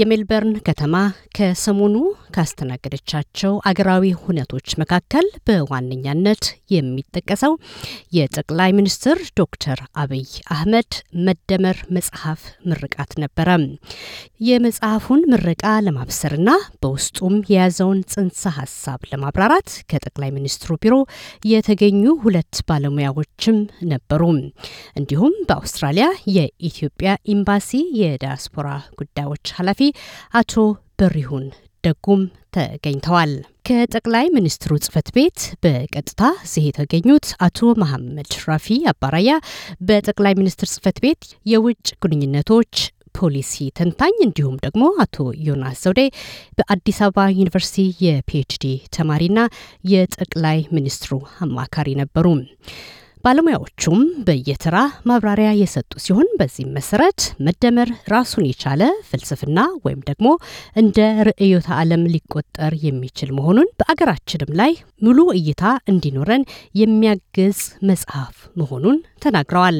የሜልበርን ከተማ ከሰሞኑ ካስተናገደቻቸው አገራዊ ሁነቶች መካከል በዋነኛነት የሚጠቀሰው የጠቅላይ ሚኒስትር ዶክተር አብይ አህመድ መደመር መጽሐፍ ምርቃት ነበረ። የመጽሐፉን ለማብሰር ለማብሰርና በውስጡም የያዘውን ጽንሰ ሀሳብ ለማብራራት ከጠቅላይ ሚኒስትሩ ቢሮ የተገኙ ሁለት ባለሙያዎችም ነበሩ። እንዲሁም በአውስትራሊያ የኢትዮጵያ ኤምባሲ የዲያስፖራ ጉዳዮች ኃላፊ አቶ በሪሁን ደጉም ተገኝተዋል። ከጠቅላይ ሚኒስትሩ ጽህፈት ቤት በቀጥታ እዚህ የተገኙት አቶ መሐመድ ራፊ አባራያ በጠቅላይ ሚኒስትር ጽህፈት ቤት የውጭ ግንኙነቶች ፖሊሲ ተንታኝ እንዲሁም ደግሞ አቶ ዮናስ ዘውዴ በአዲስ አበባ ዩኒቨርሲቲ የፒኤችዲ ተማሪና የጠቅላይ ሚኒስትሩ አማካሪ ነበሩ። ባለሙያዎቹም በየተራ ማብራሪያ የሰጡ ሲሆን በዚህም መሰረት መደመር ራሱን የቻለ ፍልስፍና ወይም ደግሞ እንደ ርእዮተ ዓለም ሊቆጠር የሚችል መሆኑን በአገራችንም ላይ ሙሉ እይታ እንዲኖረን የሚያግዝ መጽሐፍ መሆኑን ተናግረዋል።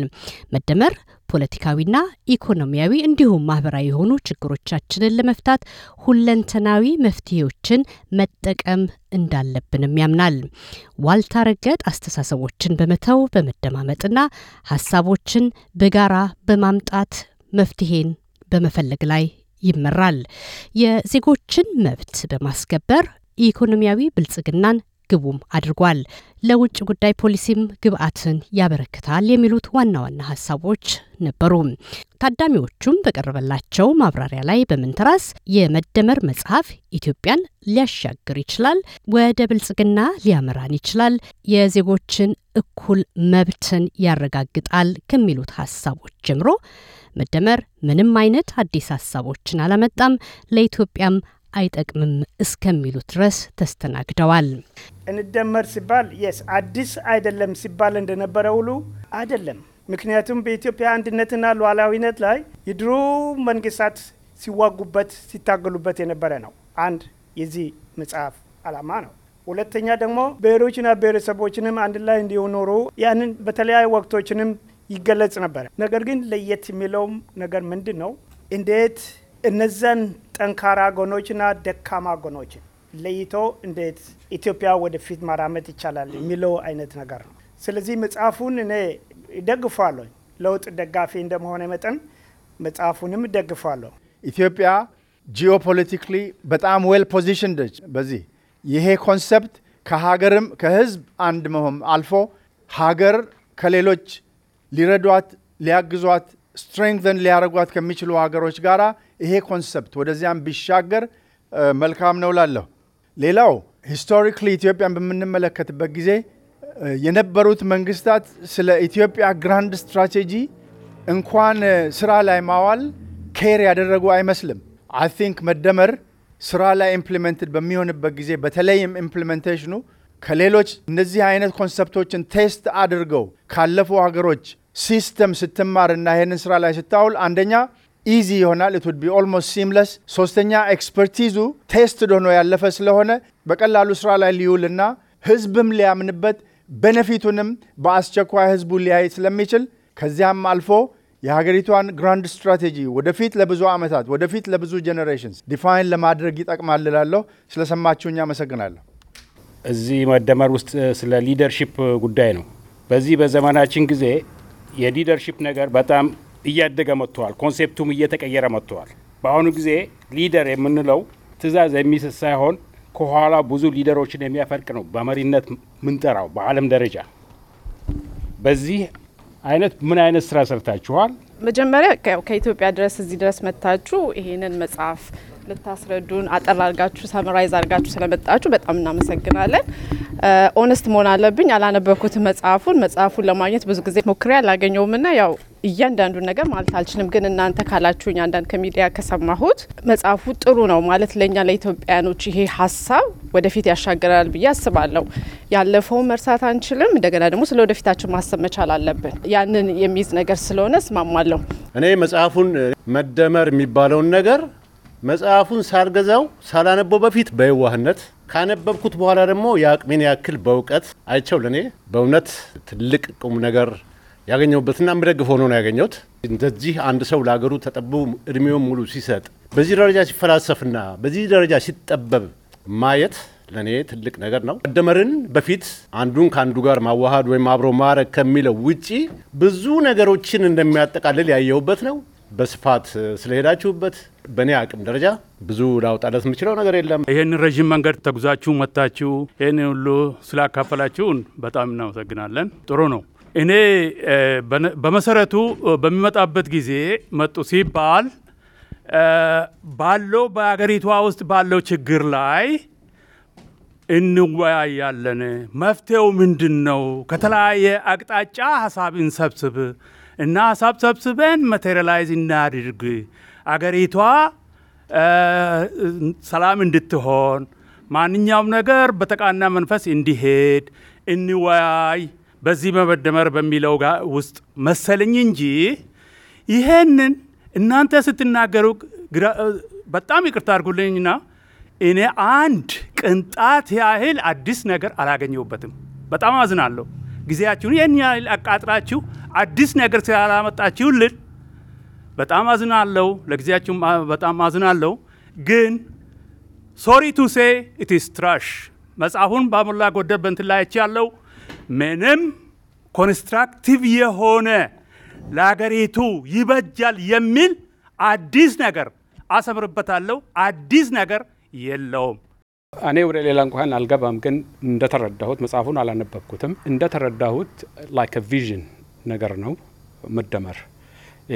መደመር ፖለቲካዊና ኢኮኖሚያዊ እንዲሁም ማህበራዊ የሆኑ ችግሮቻችንን ለመፍታት ሁለንተናዊ መፍትሄዎችን መጠቀም እንዳለብንም ያምናል። ዋልታ ረገጥ አስተሳሰቦችን በመተው በመደማመጥና ሀሳቦችን በጋራ በማምጣት መፍትሄን በመፈለግ ላይ ይመራል። የዜጎችን መብት በማስከበር ኢኮኖሚያዊ ብልጽግናን ግቡም አድርጓል። ለውጭ ጉዳይ ፖሊሲም ግብአትን ያበረክታል የሚሉት ዋና ዋና ሀሳቦች ነበሩ። ታዳሚዎቹም በቀረበላቸው ማብራሪያ ላይ በመንተራስ የመደመር መጽሐፍ ኢትዮጵያን ሊያሻግር ይችላል፣ ወደ ብልጽግና ሊያመራን ይችላል፣ የዜጎችን እኩል መብትን ያረጋግጣል ከሚሉት ሀሳቦች ጀምሮ መደመር ምንም አይነት አዲስ ሀሳቦችን አላመጣም፣ ለኢትዮጵያም አይጠቅምም እስከሚሉት ድረስ ተስተናግደዋል። እንደመር ሲባል የስ አዲስ አይደለም ሲባል እንደነበረ ሁሉ አይደለም። ምክንያቱም በኢትዮጵያ አንድነትና ሉዓላዊነት ላይ የድሮ መንግስታት ሲዋጉበት ሲታገሉበት የነበረ ነው። አንድ የዚህ መጽሐፍ አላማ ነው። ሁለተኛ ደግሞ ብሔሮችና ብሔረሰቦችንም አንድ ላይ እንዲኖሩ ያንን በተለያዩ ወቅቶችንም ይገለጽ ነበር ነገር ግን ለየት የሚለውም ነገር ምንድን ነው? እንዴት እነዚያን ጠንካራ ጎኖችና ደካማ ጎኖችን ለይቶ እንዴት ኢትዮጵያ ወደፊት ማራመድ ይቻላል የሚለው አይነት ነገር ነው። ስለዚህ መጽሐፉን እኔ እደግፋለሁ። ለውጥ ደጋፊ እንደመሆነ መጠን መጽሐፉንም እደግፋለሁ። ኢትዮጵያ ጂኦፖለቲካሊ በጣም ዌል ፖዚሽን ነች። በዚህ ይሄ ኮንሰፕት ከሀገርም ከህዝብ አንድ መሆን አልፎ ሀገር ከሌሎች ሊረዷት ሊያግዟት ስትሬንግዘን ሊያደርጓት ከሚችሉ ሀገሮች ጋር ይሄ ኮንሰፕት ወደዚያም ቢሻገር መልካም ነው ላለሁ። ሌላው ሂስቶሪክሊ ኢትዮጵያን በምንመለከትበት ጊዜ የነበሩት መንግስታት ስለ ኢትዮጵያ ግራንድ ስትራቴጂ እንኳን ስራ ላይ ማዋል ኬር ያደረጉ አይመስልም። አይ ቲንክ መደመር ስራ ላይ ኢምፕሊመንትድ በሚሆንበት ጊዜ በተለይም ኢምፕሊመንቴሽኑ ከሌሎች እነዚህ አይነት ኮንሰፕቶችን ቴስት አድርገው ካለፉ ሀገሮች ሲስተም ስትማር እና ይህንን ስራ ላይ ስታውል አንደኛ ኢዚ ይሆናል። ኢት ውድ ቢ ኦልሞስት ሲምለስ። ሶስተኛ ኤክስፐርቲዙ ቴስት ሆኖ ያለፈ ስለሆነ በቀላሉ ስራ ላይ ሊውልና ህዝብም ሊያምንበት በነፊቱንም በአስቸኳይ ህዝቡ ሊያይ ስለሚችል ከዚያም አልፎ የሀገሪቷን ግራንድ ስትራቴጂ ወደፊት ለብዙ ዓመታት ወደፊት ለብዙ ጀኔሬሽንስ ዲፋይን ለማድረግ ይጠቅማል እላለሁ። ስለሰማችሁኝ አመሰግናለሁ። እዚህ መደመር ውስጥ ስለ ሊደርሺፕ ጉዳይ ነው። በዚህ በዘመናችን ጊዜ የሊደርሺፕ ነገር በጣም እያደገ መጥተዋል። ኮንሴፕቱም እየተቀየረ መጥተዋል። በአሁኑ ጊዜ ሊደር የምንለው ትዕዛዝ የሚስት ሳይሆን ከኋላ ብዙ ሊደሮችን የሚያፈልቅ ነው በመሪነት ምንጠራው በዓለም ደረጃ። በዚህ አይነት ምን አይነት ስራ ሰርታችኋል? መጀመሪያ ከኢትዮጵያ ድረስ እዚህ ድረስ መታችሁ ይሄንን መጽሐፍ ልታስረዱን አጠር አርጋችሁ ሰምራይዝ አርጋችሁ ስለመጣችሁ በጣም እናመሰግናለን። ኦነስት መሆን አለብኝ፣ አላነበብኩት መጽሐፉን። መጽሐፉን ለማግኘት ብዙ ጊዜ ሞክሬ አላገኘውምና ያው እያንዳንዱን ነገር ማለት አልችልም፣ ግን እናንተ ካላችሁኝ አንዳንድ ከሚዲያ ከሰማሁት መጽሐፉ ጥሩ ነው ማለት ለእኛ ለኢትዮጵያውያኖች ይሄ ሀሳብ ወደፊት ያሻገራል ብዬ አስባለሁ። ያለፈውን መርሳት አንችልም፣ እንደገና ደግሞ ስለ ወደፊታችን ማሰብ መቻል አለብን። ያንን የሚይዝ ነገር ስለሆነ እስማማለሁ። እኔ መጽሐፉን መደመር የሚባለውን ነገር መጽሐፉን ሳልገዛው ሳላነበው በፊት በየዋህነት ካነበብኩት በኋላ ደግሞ የአቅሜን ያክል በእውቀት አይቸው ለእኔ በእውነት ትልቅ ቁም ነገር ያገኘሁበትና የምደግፍ ሆኖ ነው ያገኘሁት። እንደዚህ አንድ ሰው ለሀገሩ ተጠብቦ እድሜውን ሙሉ ሲሰጥ በዚህ ደረጃ ሲፈላሰፍና በዚህ ደረጃ ሲጠበብ ማየት ለእኔ ትልቅ ነገር ነው። መደመርን በፊት አንዱን ከአንዱ ጋር ማዋሃድ ወይም አብሮ ማረግ ከሚለው ውጪ ብዙ ነገሮችን እንደሚያጠቃልል ያየሁበት ነው። በስፋት ስለሄዳችሁበት በእኔ አቅም ደረጃ ብዙ ላውጣለት የምችለው ነገር የለም። ይህን ረዥም መንገድ ተጉዛችሁ መጥታችሁ ይህን ሁሉ ስላካፈላችሁን በጣም እናመሰግናለን። ጥሩ ነው። እኔ በመሰረቱ በሚመጣበት ጊዜ መጡ ሲባል ባለው በሀገሪቷ ውስጥ ባለው ችግር ላይ እንወያያለን። መፍትሄው ምንድን ነው? ከተለያየ አቅጣጫ ሀሳብ እንሰብስብ እና ሀሳብ ሰብስበን ማቴሪያላይዝ እናድርግ። አገሪቷ ሰላም እንድትሆን ማንኛውም ነገር በተቃና መንፈስ እንዲሄድ እንወያይ በዚህ በመደመር በሚለው ውስጥ መሰለኝ እንጂ ይሄንን እናንተ ስትናገሩ በጣም ይቅርታ አድርጉልኝና እኔ አንድ ቅንጣት ያህል አዲስ ነገር አላገኘሁበትም። በጣም አዝናለሁ። ጊዜያችሁን ይህን ያህል አቃጥራችሁ አዲስ ነገር ስላላመጣችሁልን በጣም አዝናለሁ። ለጊዜያችሁ በጣም አዝናለሁ። ግን ሶሪ ቱ ሴ ኢትስ ትራሽ መጽሐፉን በሞላ ጎደል በንትን ላይ ያለው ምንም ኮንስትራክቲቭ የሆነ ለሀገሪቱ ይበጃል የሚል አዲስ ነገር አሰምርበታለሁ። አዲስ ነገር የለውም። እኔ ወደ ሌላ እንኳን አልገባም፣ ግን እንደተረዳሁት መጽሐፉን አላነበብኩትም። እንደተረዳሁት ላይክ ቪዥን ነገር ነው መደመር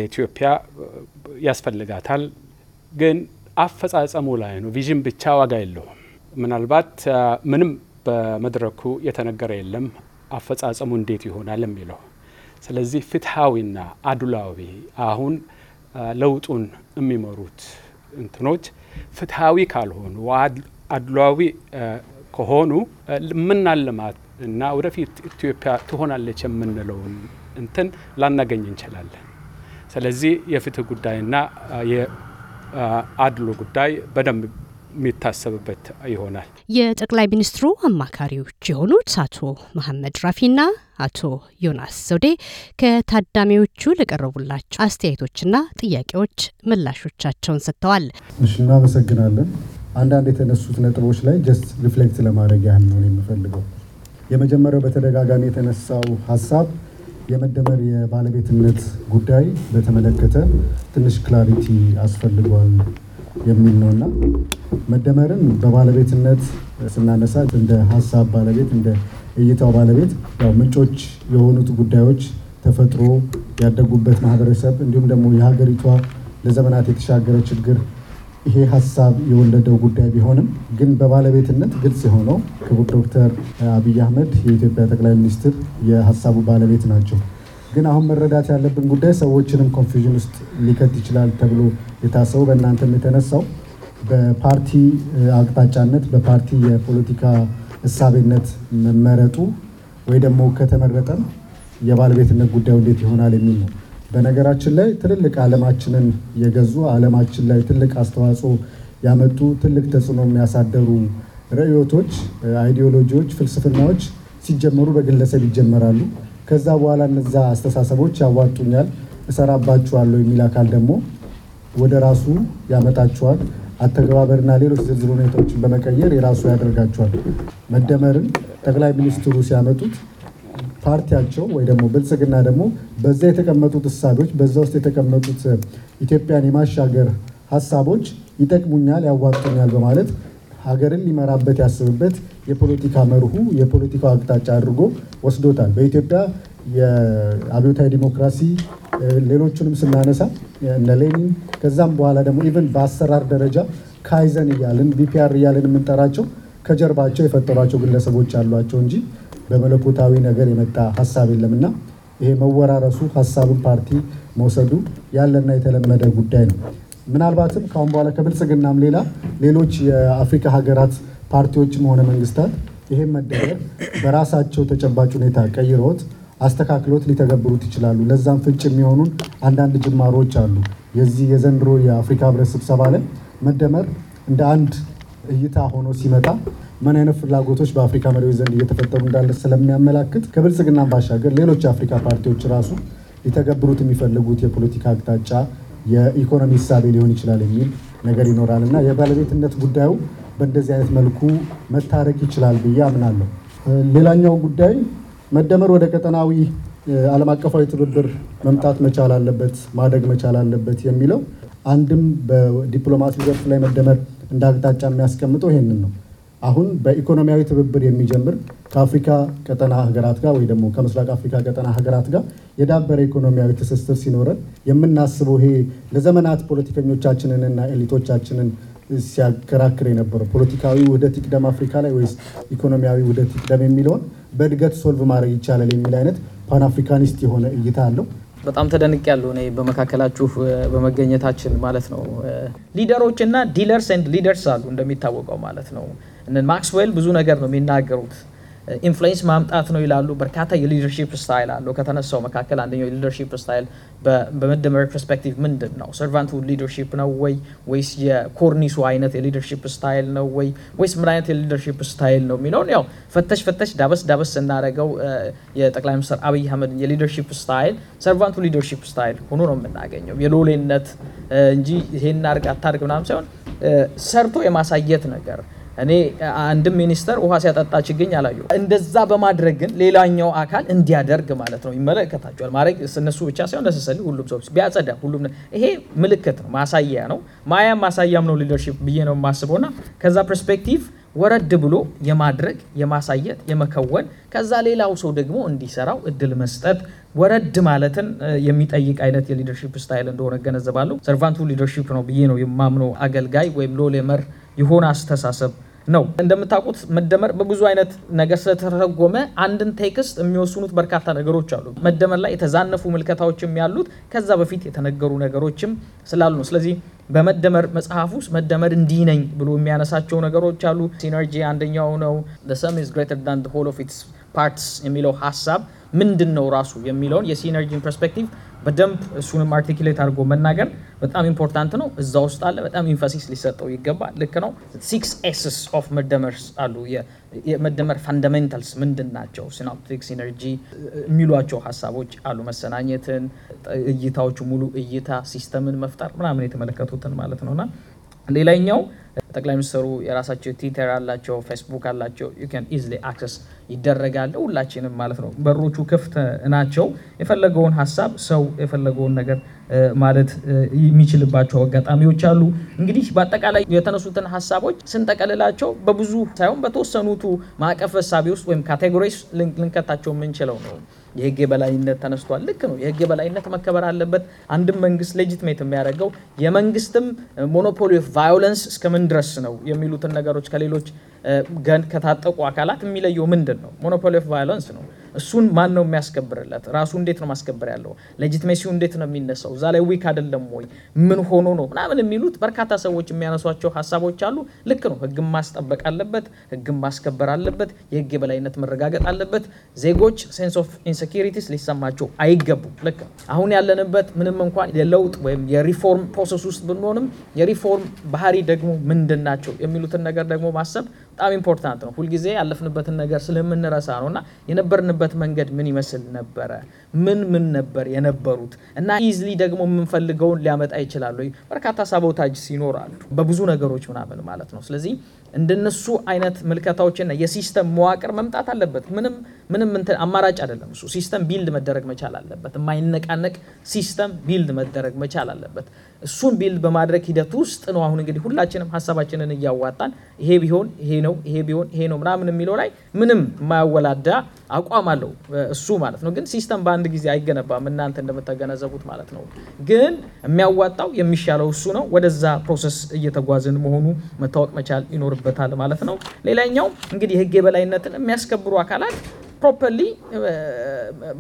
ኢትዮጵያ ያስፈልጋታል፣ ግን አፈጻጸሙ ላይ ነው። ቪዥን ብቻ ዋጋ የለውም። ምናልባት ምንም በመድረኩ የተነገረ የለም። አፈጻጸሙ እንዴት ይሆናል የሚለው። ስለዚህ ፍትሐዊና አድሏዊ አሁን ለውጡን የሚመሩት እንትኖች ፍትሐዊ ካልሆኑ አድሏዊ ከሆኑ ምናልማት እና ወደፊት ኢትዮጵያ ትሆናለች የምንለውን እንትን ላናገኝ እንችላለን። ስለዚህ የፍትህ ጉዳይና የአድሎ ጉዳይ በደንብ የሚታሰብበት ይሆናል። የጠቅላይ ሚኒስትሩ አማካሪዎች የሆኑት አቶ መሐመድ ራፊና አቶ ዮናስ ዘውዴ ከታዳሚዎቹ ለቀረቡላቸው አስተያየቶችና ጥያቄዎች ምላሾቻቸውን ሰጥተዋል። እሺ፣ እናመሰግናለን። አንዳንድ የተነሱት ነጥቦች ላይ ጀስት ሪፍሌክት ለማድረግ ያህል ነው የምፈልገው። የመጀመሪያው በተደጋጋሚ የተነሳው ሀሳብ የመደመር የባለቤትነት ጉዳይ በተመለከተ ትንሽ ክላሪቲ አስፈልጓል የሚል ነው እና መደመርን በባለቤትነት ስናነሳ እንደ ሀሳብ ባለቤት እንደ እይታው ባለቤት ያው ምንጮች የሆኑት ጉዳዮች ተፈጥሮ፣ ያደጉበት ማህበረሰብ እንዲሁም ደግሞ የሀገሪቷ ለዘመናት የተሻገረ ችግር ይሄ ሀሳብ የወለደው ጉዳይ ቢሆንም ግን በባለቤትነት ግልጽ የሆነው ክቡር ዶክተር አብይ አህመድ የኢትዮጵያ ጠቅላይ ሚኒስትር የሀሳቡ ባለቤት ናቸው። ግን አሁን መረዳት ያለብን ጉዳይ ሰዎችንም ኮንፊውዥን ውስጥ ሊከት ይችላል ተብሎ የታሰበው በእናንተም የተነሳው በፓርቲ አቅጣጫነት በፓርቲ የፖለቲካ እሳቤነት መመረጡ ወይ ደግሞ ከተመረጠም የባለቤትነት ጉዳዩ እንዴት ይሆናል የሚል ነው። በነገራችን ላይ ትልልቅ ዓለማችንን የገዙ ዓለማችን ላይ ትልቅ አስተዋጽኦ ያመጡ ትልቅ ተጽዕኖ የሚያሳደሩ ርዕዮቶች፣ አይዲዮሎጂዎች፣ ፍልስፍናዎች ሲጀመሩ በግለሰብ ይጀመራሉ። ከዛ በኋላ እነዛ አስተሳሰቦች ያዋጡኛል፣ እሰራባቸዋለሁ የሚል አካል ደግሞ ወደ ራሱ ያመጣቸዋል። አተገባበርና ሌሎች ዝርዝር ሁኔታዎችን በመቀየር የራሱ ያደርጋቸዋል። መደመርን ጠቅላይ ሚኒስትሩ ሲያመጡት ፓርቲያቸው ወይ ደግሞ ብልጽግና ደግሞ በዛ የተቀመጡት እሳቤዎች በዛ ውስጥ የተቀመጡት ኢትዮጵያን የማሻገር ሀሳቦች ይጠቅሙኛል፣ ያዋጡኛል በማለት ሀገርን ሊመራበት ያስብበት የፖለቲካ መርሁ የፖለቲካው አቅጣጫ አድርጎ ወስዶታል። በኢትዮጵያ የአብዮታዊ ዲሞክራሲ ሌሎቹንም ስናነሳ እነ ሌኒን ከዛም በኋላ ደግሞ ኢቨን በአሰራር ደረጃ ካይዘን እያልን ቢፒአር እያልን የምንጠራቸው ከጀርባቸው የፈጠሯቸው ግለሰቦች ያሏቸው እንጂ በመለኮታዊ ነገር የመጣ ሀሳብ የለምና ይሄ መወራረሱ ሀሳብን ፓርቲ መውሰዱ ያለና የተለመደ ጉዳይ ነው። ምናልባትም ከአሁን በኋላ ከብልጽግናም ሌላ ሌሎች የአፍሪካ ሀገራት ፓርቲዎችም ሆነ መንግስታት ይሄን መደረግ በራሳቸው ተጨባጭ ሁኔታ ቀይረውት አስተካክሎት ሊተገብሩት ይችላሉ። ለዛም ፍንጭ የሚሆኑን አንዳንድ ጅማሮች አሉ። የዚህ የዘንድሮ የአፍሪካ ህብረት ስብሰባ ላይ መደመር እንደ አንድ እይታ ሆኖ ሲመጣ ምን አይነት ፍላጎቶች በአፍሪካ መሪዎች ዘንድ እየተፈጠሩ እንዳለ ስለሚያመላክት ከብልጽግናም ባሻገር ሌሎች የአፍሪካ ፓርቲዎች ራሱ ሊተገብሩት የሚፈልጉት የፖለቲካ አቅጣጫ የኢኮኖሚ እሳቤ ሊሆን ይችላል የሚል ነገር ይኖራል እና የባለቤትነት ጉዳዩ በእንደዚህ አይነት መልኩ መታረቅ ይችላል ብዬ አምናለሁ። ሌላኛው ጉዳይ መደመር ወደ ቀጠናዊ ዓለም አቀፋዊ ትብብር መምጣት መቻል አለበት፣ ማደግ መቻል አለበት የሚለው አንድም በዲፕሎማሲ ዘርፍ ላይ መደመር እንደ አቅጣጫ የሚያስቀምጠው ይሄንን ነው። አሁን በኢኮኖሚያዊ ትብብር የሚጀምር ከአፍሪካ ቀጠና ሀገራት ጋር ወይ ደግሞ ከምስራቅ አፍሪካ ቀጠና ሀገራት ጋር የዳበረ ኢኮኖሚያዊ ትስስር ሲኖረን የምናስበው ይሄ ለዘመናት ፖለቲከኞቻችንንና ኤሊቶቻችንን ሲያከራክር የነበረው ፖለቲካዊ ውህደት ይቅደም አፍሪካ ላይ ወይስ ኢኮኖሚያዊ ውህደት ይቅደም የሚለውን በእድገት ሶልቭ ማድረግ ይቻላል የሚል አይነት ፓን አፍሪካኒስት የሆነ እይታ አለው። በጣም ተደንቅ ያለው እኔ በመካከላችሁ በመገኘታችን ማለት ነው። ሊደሮች እና ዲለርስ ኤንድ ሊደርስ አሉ እንደሚታወቀው ማለት ነው። እነን ማክስዌል ብዙ ነገር ነው የሚናገሩት። ኢንፍሉዌንስ ማምጣት ነው ይላሉ። በርካታ የሊደርሺፕ ስታይል አለው። ከተነሳው መካከል አንደኛው የሊደርሺፕ ስታይል በመደመር ፐርስፔክቲቭ ምንድን ነው? ሰርቫንት ሊደርሺፕ ነው ወይ ወይስ የኮርኒሱ አይነት የሊደርሺፕ ስታይል ነው ወይ ወይስ ምን አይነት የሊደርሺፕ ስታይል ነው የሚለውን ያው ፈተሽ ፈተሽ ዳበስ ዳበስ እናደረገው የጠቅላይ ሚኒስትር አብይ አህመድን የሊደርሺፕ ስታይል ሰርቫንቱ ሊደርሺፕ ስታይል ሆኖ ነው የምናገኘው። የሎሌነት እንጂ ይሄን አርግ አታርግ ምናምን ሳይሆን ሰርቶ የማሳየት ነገር እኔ አንድም ሚኒስተር ውሃ ሲያጠጣ ችግኝ አላየሁ። እንደዛ በማድረግ ግን ሌላኛው አካል እንዲያደርግ ማለት ነው። ይመለከታቸዋል ማድረግ እነሱ ብቻ ሳይሆን ነሰሰል ሁሉም ሰው ቢያጸዳ ሁሉም ይሄ ምልክት ነው፣ ማሳያ ነው፣ ማያም ማሳያም ነው ሊደርሺፕ ብዬ ነው የማስበው እና ከዛ ፐርስፔክቲቭ ወረድ ብሎ የማድረግ የማሳየት የመከወን ከዛ ሌላው ሰው ደግሞ እንዲሰራው እድል መስጠት ወረድ ማለትን የሚጠይቅ አይነት የሊደርሺፕ ስታይል እንደሆነ እገነዘባለሁ። ሰርቫንቱ ሊደርሺፕ ነው ብዬ ነው የማምነው። አገልጋይ ወይም ሎሌመር የሆነ አስተሳሰብ ነው። እንደምታውቁት መደመር በብዙ አይነት ነገር ስለተተረጎመ አንድን ቴክስት የሚወስኑት በርካታ ነገሮች አሉ። መደመር ላይ የተዛነፉ ምልከታዎችም ያሉት ከዛ በፊት የተነገሩ ነገሮችም ስላሉ ነው። ስለዚህ በመደመር መጽሐፍ ውስጥ መደመር እንዲህ ነኝ ብሎ የሚያነሳቸው ነገሮች አሉ። ሲነርጂ አንደኛው ነው። ሰም ኢዝ ግሬተር ዳን ሆል ኦፍ ኢትስ ፓርትስ የሚለው ሀሳብ ምንድን ነው ራሱ የሚለውን የሲነርጂን ፐርስፔክቲቭ በደንብ እሱንም አርቲኩሌት አድርጎ መናገር በጣም ኢምፖርታንት ነው። እዛ ውስጥ አለ። በጣም ኢንፋሲስ ሊሰጠው ይገባል። ልክ ነው። ሲክስ ኤስስ ኦፍ መደመርስ አሉ። የመደመር ፋንዳሜንታልስ ምንድን ናቸው? ሲናፕቲክ ሲነርጂ የሚሏቸው ሀሳቦች አሉ። መሰናኘትን፣ እይታዎቹ፣ ሙሉ እይታ፣ ሲስተምን መፍጠር ምናምን የተመለከቱትን ማለት ነውና ሌላኛው ጠቅላይ ሚኒስትሩ የራሳቸው ትዊተር አላቸው፣ ፌስቡክ አላቸው። ዩ ካን ኢዝሊ አክሰስ ይደረጋል። ሁላችንም ማለት ነው በሮቹ ክፍት ናቸው። የፈለገውን ሀሳብ ሰው የፈለገውን ነገር ማለት የሚችልባቸው አጋጣሚዎች አሉ። እንግዲህ በአጠቃላይ የተነሱትን ሀሳቦች ስንጠቀልላቸው በብዙ ሳይሆን በተወሰኑቱ ማዕቀፍ ሳቢ ውስጥ ወይም ካቴጎሪስ ልንከታቸው የምንችለው ነው። የህግ የበላይነት ተነስቷል። ልክ ነው። የህግ የበላይነት መከበር አለበት። አንድም መንግስት ሌጂትሜት የሚያደርገው የመንግስትም ሞኖፖሊ ኦፍ ቫዮለንስ እስከምን ድረስ ነው የሚሉትን ነገሮች ከሌሎች ገን ከታጠቁ አካላት የሚለየው ምንድን ነው? ሞኖፖሊ ኦፍ ቫዮለንስ ነው። እሱን ማን ነው የሚያስከብርለት? ራሱ እንዴት ነው ማስከበር ያለው? ሌጂትሜሲው እንዴት ነው የሚነሳው? እዛ ላይ ዊክ አይደለም ወይ? ምን ሆኖ ነው ምናምን የሚሉት በርካታ ሰዎች የሚያነሷቸው ሀሳቦች አሉ። ልክ ነው። ህግን ማስጠበቅ አለበት፣ ህግን ማስከበር አለበት፣ የህግ የበላይነት መረጋገጥ አለበት። ዜጎች ሴንስ ኦፍ ኢንሴኪሪቲስ ሊሰማቸው አይገቡም። ልክ ነው። አሁን ያለንበት ምንም እንኳን የለውጥ ወይም የሪፎርም ፕሮሰስ ውስጥ ብንሆንም የሪፎርም ባህሪ ደግሞ ምንድን ናቸው የሚሉትን ነገር ደግሞ ማሰብ በጣም ኢምፖርታንት ነው። ሁልጊዜ ያለፍንበትን ነገር ስለምንረሳ ነው እና የነበርንበት መንገድ ምን ይመስል ነበረ? ምን ምን ነበር የነበሩት? እና ኢዝሊ ደግሞ የምንፈልገውን ሊያመጣ ይችላሉ። በርካታ ሳቦታጅ ይኖራሉ በብዙ ነገሮች ምናምን ማለት ነው። ስለዚህ እንደነሱ አይነት ምልከታዎችና የሲስተም መዋቅር መምጣት አለበት። ምንም ምንም እንትን አማራጭ አይደለም እሱ ሲስተም ቢልድ መደረግ መቻል አለበት። የማይነቃነቅ ሲስተም ቢልድ መደረግ መቻል አለበት። እሱን ቢልድ በማድረግ ሂደት ውስጥ ነው አሁን እንግዲህ ሁላችንም ሀሳባችንን እያዋጣን ይሄ ቢሆን ይሄ ነው ይሄ ቢሆን ይሄ ነው ምናምን የሚለው ላይ ምንም የማያወላዳ አቋም አለው እሱ ማለት ነው። ግን ሲስተም በአንድ ጊዜ አይገነባም እናንተ እንደምታገነዘቡት ማለት ነው። ግን የሚያዋጣው የሚሻለው እሱ ነው። ወደዛ ፕሮሰስ እየተጓዝን መሆኑ መታወቅ መቻል ይኖርበታል ማለት ነው። ሌላኛው እንግዲህ ህግ የበላይነትን የሚያስከብሩ አካላት ፕሮፐርሊ eh,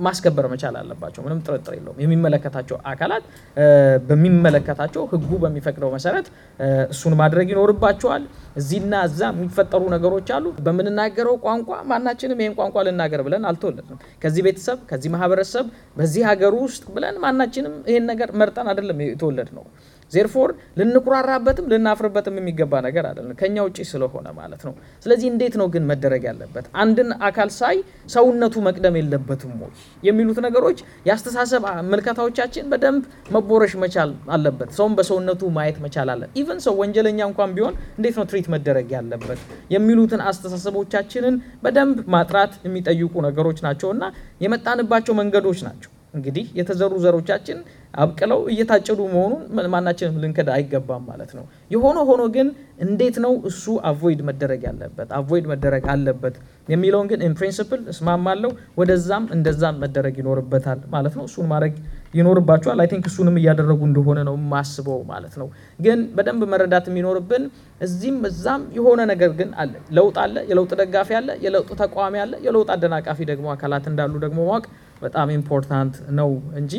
ማስከበር መቻል አለባቸው። ምንም ጥርጥር የለውም። የሚመለከታቸው አካላት eh, በሚመለከታቸው ህጉ በሚፈቅደው መሰረት eh, እሱን ማድረግ ይኖርባቸዋል። እዚህና እዛ የሚፈጠሩ ነገሮች አሉ። በምንናገረው ቋንቋ ማናችንም ይህን ቋንቋ ልናገር ብለን አልተወለድንም። ከዚህ ቤተሰብ፣ ከዚህ ማህበረሰብ፣ በዚህ ሀገር ውስጥ ብለን ማናችንም ይህን ነገር መርጠን አይደለም የተወለድ ነው። ዜርፎር ልንኩራራበትም ልናፍርበትም የሚገባ ነገር አለ ከኛ ውጭ ስለሆነ ማለት ነው። ስለዚህ እንዴት ነው ግን መደረግ ያለበት? አንድን አካል ሳይ ሰውነቱ መቅደም የለበትም ወይ የሚሉት ነገሮች የአስተሳሰብ ምልከታዎቻችን በደንብ መቦረሽ መቻል አለበት። ሰውን በሰውነቱ ማየት መቻል አለ። ኢቨን ሰው ወንጀለኛ እንኳን ቢሆን እንዴት ነው ትሪት መደረግ ያለበት የሚሉትን አስተሳሰቦቻችንን በደንብ ማጥራት የሚጠይቁ ነገሮች ናቸው እና የመጣንባቸው መንገዶች ናቸው። እንግዲህ የተዘሩ ዘሮቻችን አብቅለው እየታጨዱ መሆኑን ማናችንም ልንከድ አይገባም ማለት ነው። የሆነ ሆኖ ግን እንዴት ነው እሱ አቮይድ መደረግ ያለበት አቮይድ መደረግ አለበት የሚለውን ግን ኢንፕሪንስፕል እስማማለሁ። ወደዛም እንደዛም መደረግ ይኖርበታል ማለት ነው። እሱን ማድረግ ይኖርባቸዋል። አይ ቲንክ እሱንም እያደረጉ እንደሆነ ነው ማስበው ማለት ነው። ግን በደንብ መረዳት የሚኖርብን እዚህም እዛም የሆነ ነገር ግን አለ፣ ለውጥ አለ፣ የለውጥ ደጋፊ አለ፣ የለውጥ ተቃዋሚ አለ፣ የለውጥ አደናቃፊ ደግሞ አካላት እንዳሉ ደግሞ ማወቅ በጣም ኢምፖርታንት ነው እንጂ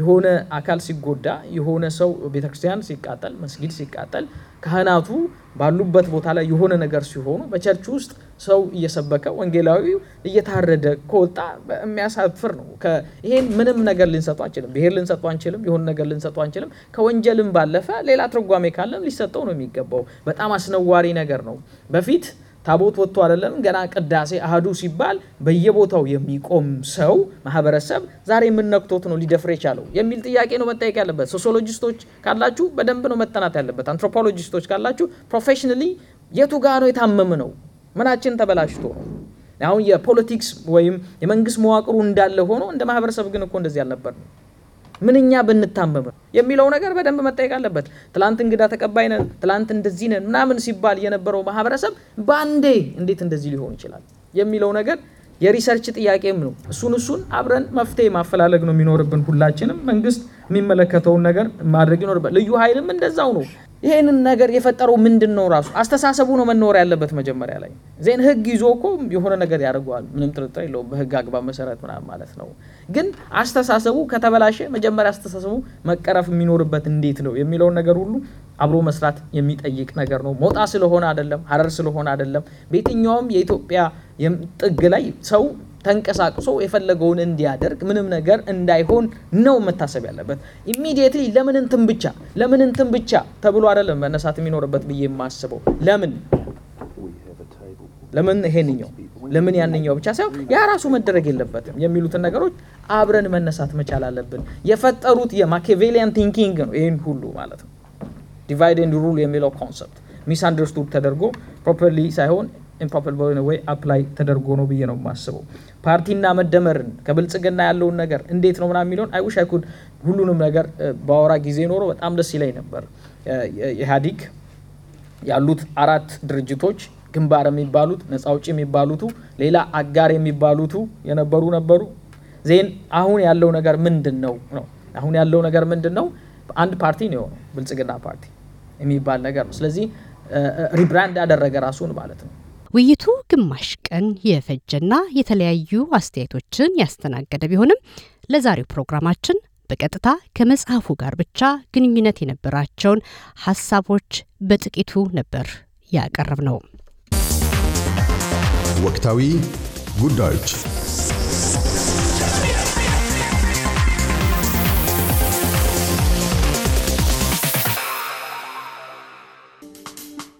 የሆነ አካል ሲጎዳ የሆነ ሰው ቤተክርስቲያን ሲቃጠል፣ መስጊድ ሲቃጠል፣ ካህናቱ ባሉበት ቦታ ላይ የሆነ ነገር ሲሆኑ በቸርች ውስጥ ሰው እየሰበከ ወንጌላዊ እየታረደ ከወጣ የሚያሳፍር ነው። ይሄን ምንም ነገር ልንሰጡ አንችልም። ብሔር ልንሰጡ አንችልም። የሆነ ነገር ልንሰጡ አንችልም። ከወንጀልም ባለፈ ሌላ ትርጓሜ ካለም ሊሰጠው ነው የሚገባው። በጣም አስነዋሪ ነገር ነው። በፊት ታቦት ወጥቶ አይደለም ገና ቅዳሴ አህዱ ሲባል በየቦታው የሚቆም ሰው ማህበረሰብ ዛሬ የምነክቶት ነው ሊደፍር የቻለው የሚል ጥያቄ ነው መጠየቅ ያለበት። ሶሲዮሎጂስቶች ካላችሁ በደንብ ነው መጠናት ያለበት። አንትሮፖሎጂስቶች ካላችሁ ፕሮፌሽናሊ የቱ ጋር ነው የታመም ነው ምናችን ተበላሽቶ ነው። አሁን የፖለቲክስ ወይም የመንግስት መዋቅሩ እንዳለ ሆኖ እንደ ማህበረሰብ ግን እኮ እንደዚህ አልነበር ነው። ምንኛ ብንታመም የሚለው ነገር በደንብ መጠየቅ አለበት። ትላንት እንግዳ ተቀባይ ነን፣ ትላንት እንደዚህ ነን ምናምን ሲባል የነበረው ማህበረሰብ በአንዴ እንዴት እንደዚህ ሊሆን ይችላል የሚለው ነገር የሪሰርች ጥያቄም ነው። እሱን እሱን አብረን መፍትሄ ማፈላለግ ነው የሚኖርብን ሁላችንም። መንግስት የሚመለከተውን ነገር ማድረግ ይኖርበት። ልዩ ኃይልም እንደዛው ነው። ይህንን ነገር የፈጠረው ምንድን ነው? ራሱ አስተሳሰቡ ነው መኖር ያለበት መጀመሪያ ላይ ዜን ህግ ይዞ እኮ የሆነ ነገር ያደርገዋል። ምንም ጥርጥር የለውም። በህግ አግባብ መሰረት ምናምን ማለት ነው። ግን አስተሳሰቡ ከተበላሸ መጀመሪያ አስተሳሰቡ መቀረፍ የሚኖርበት እንዴት ነው የሚለውን ነገር ሁሉ አብሮ መስራት የሚጠይቅ ነገር ነው። ሞጣ ስለሆነ አይደለም፣ ሀረር ስለሆነ አይደለም። በየትኛውም የኢትዮጵያ ጥግ ላይ ሰው ተንቀሳቅሶ የፈለገውን እንዲያደርግ ምንም ነገር እንዳይሆን ነው መታሰብ ያለበት። ኢሚዲየትሊ ለምን እንትን ብቻ ለምን እንትን ብቻ ተብሎ አይደለም መነሳት የሚኖርበት ብዬ የማስበው ለምን ለምን ይሄንኛው ለምን ያንኛው ብቻ ሳይሆን ያ ራሱ መደረግ የለበትም የሚሉትን ነገሮች አብረን መነሳት መቻል አለብን። የፈጠሩት የማኬቬሊያን ቲንኪንግ ነው ይህን ሁሉ ማለት ነው። ዲቫይድ ኤንድ ሩል የሚለው ኮንሰፕት ሚስ ተደርጎ ፕሮፐርሊ ሳይሆን ኢምፕሮፐር በሆነ ወይ አፕላይ ተደርጎ ነው ብዬ ነው የማስበው። ፓርቲና መደመርን ከብልጽግና ያለውን ነገር እንዴት ነው ምናምን የሚለውን አይውሽ አይኩድ ሁሉንም ነገር በአወራ ጊዜ ኖሮ በጣም ደስ ይለኝ ነበር። ኢህአዲግ ያሉት አራት ድርጅቶች ግንባር የሚባሉት ነጻ አውጪ የሚባሉቱ ሌላ አጋር የሚባሉቱ የነበሩ ነበሩ ዜን አሁን ያለው ነገር ምንድን ነው ነው አሁን ያለው ነገር ምንድን ነው? አንድ ፓርቲ ነው የሆነው ብልጽግና ፓርቲ የሚባል ነገር ነው። ስለዚህ ሪብራንድ ያደረገ ራሱን ማለት ነው። ውይይቱ ግማሽ ቀን የፈጀና የተለያዩ አስተያየቶችን ያስተናገደ ቢሆንም ለዛሬው ፕሮግራማችን በቀጥታ ከመጽሐፉ ጋር ብቻ ግንኙነት የነበራቸውን ሀሳቦች በጥቂቱ ነበር ያቀረብ ነው። ወቅታዊ ጉዳዮች